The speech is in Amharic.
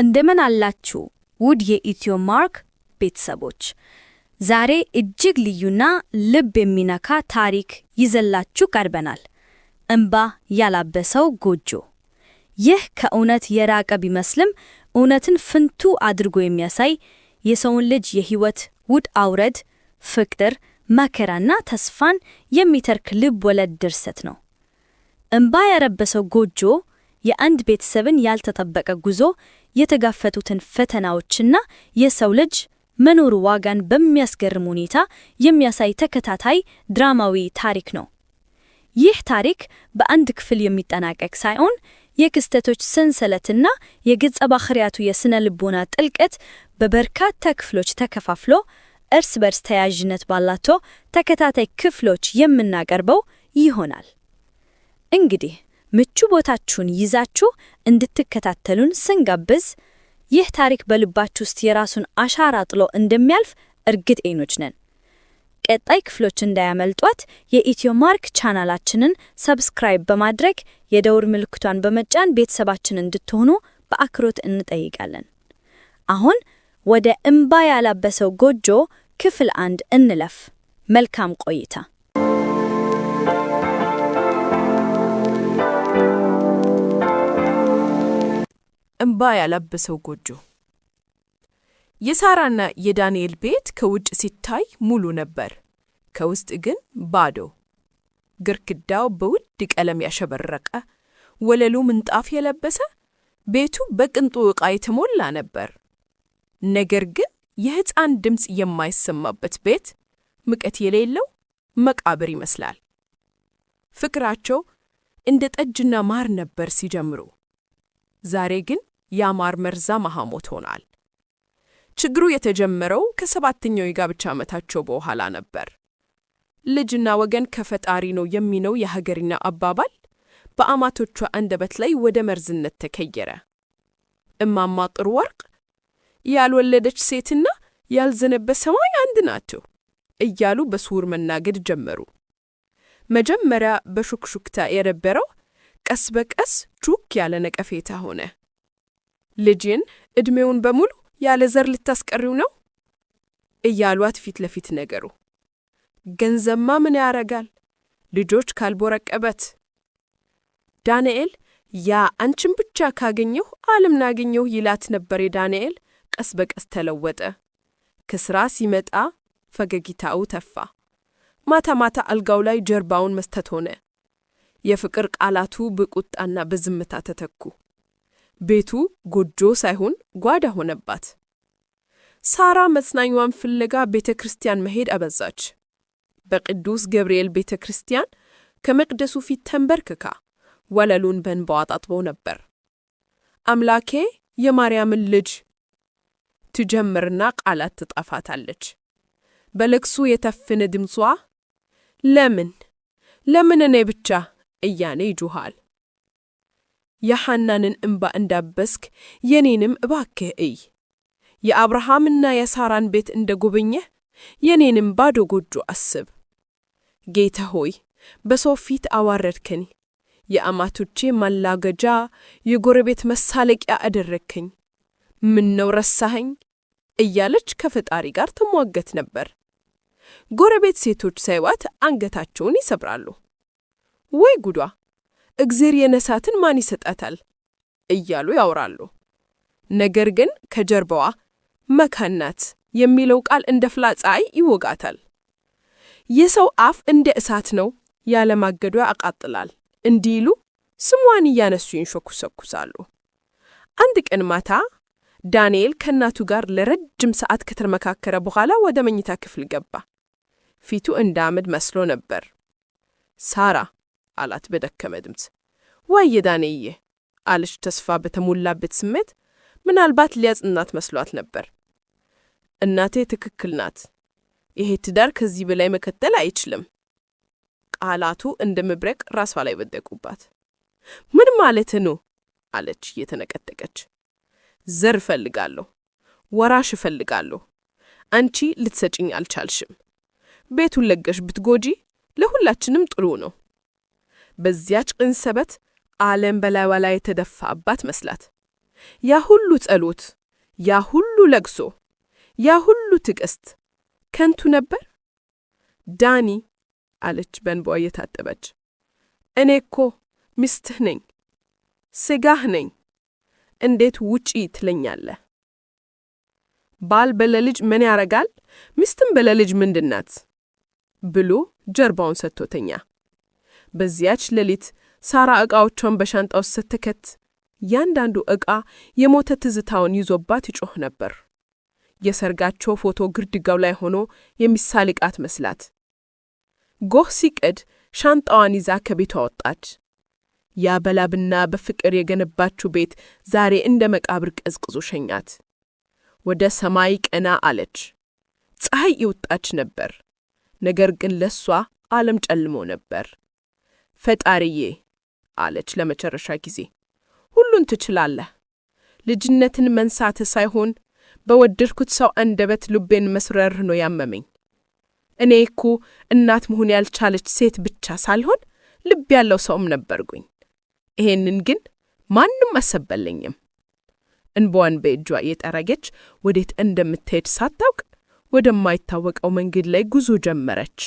እንደምን አላችሁ ውድ የኢትዮ ማርክ ቤተሰቦች፣ ዛሬ እጅግ ልዩና ልብ የሚነካ ታሪክ ይዘላችሁ ቀርበናል። እምባ ያላበሰው ጎጆ። ይህ ከእውነት የራቀ ቢመስልም እውነትን ፍንቱ አድርጎ የሚያሳይ የሰውን ልጅ የህይወት ውድ አውረድ፣ ፍቅር፣ መከራና ተስፋን የሚተርክ ልብ ወለድ ድርሰት ነው። እምባ ያረበሰው ጎጆ የአንድ ቤተሰብን ያልተጠበቀ ጉዞ የተጋፈጡትን ፈተናዎችና የሰው ልጅ መኖሩ ዋጋን በሚያስገርም ሁኔታ የሚያሳይ ተከታታይ ድራማዊ ታሪክ ነው። ይህ ታሪክ በአንድ ክፍል የሚጠናቀቅ ሳይሆን የክስተቶች ሰንሰለትና የገጸ ባህሪያቱ የሥነ ልቦና ጥልቀት በበርካታ ክፍሎች ተከፋፍሎ እርስ በርስ ተያያዥነት ባላቸው ተከታታይ ክፍሎች የምናቀርበው ይሆናል። እንግዲህ ምቹ ቦታችሁን ይዛችሁ እንድትከታተሉን ስንጋብዝ ይህ ታሪክ በልባችሁ ውስጥ የራሱን አሻራ ጥሎ እንደሚያልፍ እርግጠኞች ነን። ቀጣይ ክፍሎች እንዳያመልጧት የኢትዮ ማርክ ቻናላችንን ሰብስክራይብ በማድረግ የደውር ምልክቷን በመጫን ቤተሰባችን እንድትሆኑ በአክብሮት እንጠይቃለን። አሁን ወደ እምባ ያላበሰው ጎጆ ክፍል አንድ እንለፍ። መልካም ቆይታ። እምባ ያላበሰው ጎጆ። የሳራና የዳንኤል ቤት ከውጭ ሲታይ ሙሉ ነበር፣ ከውስጥ ግን ባዶ። ግርግዳው በውድ ቀለም ያሸበረቀ፣ ወለሉ ምንጣፍ የለበሰ፣ ቤቱ በቅንጡ ዕቃ የተሞላ ነበር። ነገር ግን የሕፃን ድምፅ የማይሰማበት ቤት ሙቀት የሌለው መቃብር ይመስላል። ፍቅራቸው እንደ ጠጅና ማር ነበር ሲጀምሩ፣ ዛሬ ግን ያማር መርዛ መሐሞት ሆናል። ችግሩ የተጀመረው ከሰባተኛው የጋብቻ ዓመታቸው በኋላ ነበር። ልጅና ወገን ከፈጣሪ ነው የሚነው የሀገሪና አባባል በአማቶቿ አንደበት ላይ ወደ መርዝነት ተከየረ እማማ ጥሩ ወርቅ ያልወለደች ሴትና ያልዘነበ ሰማይ አንድ ናቸው እያሉ በስውር መናገድ ጀመሩ። መጀመሪያ በሹክሹክታ የነበረው ቀስ በቀስ ቹክ ያለ ነቀፌታ ሆነ። ልጅን እድሜውን በሙሉ ያለ ዘር ልታስቀሪው ነው እያሏት ፊት ለፊት ነገሩ። ገንዘብማ ምን ያረጋል ልጆች ካልቦረቀበት። ዳንኤል ያ አንቺን ብቻ ካገኘሁ ዓለም ናገኘሁ ይላት ነበር። የዳንኤል ቀስ በቀስ ተለወጠ። ከስራ ሲመጣ ፈገግታው ተፋ። ማታ ማታ አልጋው ላይ ጀርባውን መስጠት ሆነ። የፍቅር ቃላቱ በቁጣና በዝምታ ተተኩ። ቤቱ ጎጆ ሳይሆን ጓዳ ሆነባት። ሳራ መጽናኛዋን ፍለጋ ቤተ ክርስቲያን መሄድ አበዛች። በቅዱስ ገብርኤል ቤተ ክርስቲያን ከመቅደሱ ፊት ተንበርክካ ወለሉን በእንባዋ አጣጥበው ነበር። አምላኬ የማርያምን ልጅ ትጀምርና ቃላት ትጣፋታለች። በልቅሱ የተፍን ድምጿ ለምን ለምን እኔ ብቻ እያኔ ይጆሃል። የሐናንን እምባ እንዳበስክ የኔንም እባክህ እይ። የአብርሃምና የሳራን ቤት እንደ ጎበኘህ የኔንም ባዶ ጎጆ አስብ። ጌታ ሆይ በሰው ፊት አዋረድከኝ። የአማቶቼ ማላገጃ፣ የጎረቤት መሳለቂያ አደረግከኝ። ነው ረሳኸኝ እያለች ከፈጣሪ ጋር ትሟገት ነበር። ጎረቤት ሴቶች ሳይዋት አንገታቸውን ይሰብራሉ። ወይ ጉዷ! እግዜር የነሳትን ማን ይሰጣታል እያሉ ያወራሉ። ነገር ግን ከጀርባዋ መካናት የሚለው ቃል እንደ ፍላጻይ ፀሐይ ይወጋታል። የሰው አፍ እንደ እሳት ነው፣ ያለማገዶ ያቃጥላል እንዲሉ ስሟን እያነሱ ይንሾኩሰኩሳሉ። አንድ ቀን ማታ ዳንኤል ከእናቱ ጋር ለረጅም ሰዓት ከተመካከረ በኋላ ወደ መኝታ ክፍል ገባ። ፊቱ እንደ አመድ መስሎ ነበር። ሳራ አላት በደከመ ድምፅ። ወይ የዳኔዬ አለች ተስፋ በተሞላበት ስሜት። ምናልባት ሊያጽናት መስሏት ነበር። እናቴ ትክክል ናት። ይሄ ትዳር ከዚህ በላይ መከተል አይችልም። ቃላቱ እንደ መብረቅ ራሷ ላይ ወደቁባት። ምን ማለት ነው? አለች እየተነቀጠቀች። ዘር እፈልጋለሁ፣ ወራሽ እፈልጋለሁ። አንቺ ልትሰጭኝ አልቻልሽም። ቤቱን ለገሽ ብትጎጂ ለሁላችንም ጥሩ ነው። በዚያች ቅንሰበት ዓለም በላይዋ ላይ የተደፋባት መስላት። ያ ሁሉ ጸሎት፣ ያ ሁሉ ለቅሶ፣ ያ ሁሉ ትዕግስት ከንቱ ነበር። ዳኒ አለች በእንባ እየታጠበች፣ እኔ እኮ ሚስትህ ነኝ፣ ስጋህ ነኝ፣ እንዴት ውጪ ትለኛለህ? ባል በለልጅ ምን ያረጋል? ሚስትም በለልጅ ምንድናት? ብሎ ጀርባውን ሰጥቶተኛ። በዚያች ሌሊት ሳራ ዕቃዎቿን በሻንጣ ውስጥ ስትከት፣ እያንዳንዱ ዕቃ የሞተ ትዝታውን ይዞባት ይጮህ ነበር። የሰርጋቸው ፎቶ ግድግዳው ላይ ሆኖ የሚሳልቃት መስላት። ጎህ ሲቀድ ሻንጣዋን ይዛ ከቤቷ ወጣች። ያ በላብና በፍቅር የገነባችው ቤት ዛሬ እንደ መቃብር ቀዝቅዞ ሸኛት። ወደ ሰማይ ቀና አለች። ፀሐይ ይወጣች ነበር፣ ነገር ግን ለሷ ዓለም ጨልሞ ነበር። ፈጣሪዬ አለች ለመጨረሻ ጊዜ፣ ሁሉን ትችላለህ። ልጅነትን መንሳት ሳይሆን በወደድኩት ሰው አንደበት ልቤን መስረር ነው ያመመኝ። እኔ እኮ እናት መሆን ያልቻለች ሴት ብቻ ሳልሆን ልብ ያለው ሰውም ነበርጉኝ። ይሄንን ግን ማንም አሰበለኝም። እንቧን በእጇ የጠረገች ወዴት እንደምትሄድ ሳታውቅ ወደማይታወቀው መንገድ ላይ ጉዞ ጀመረች።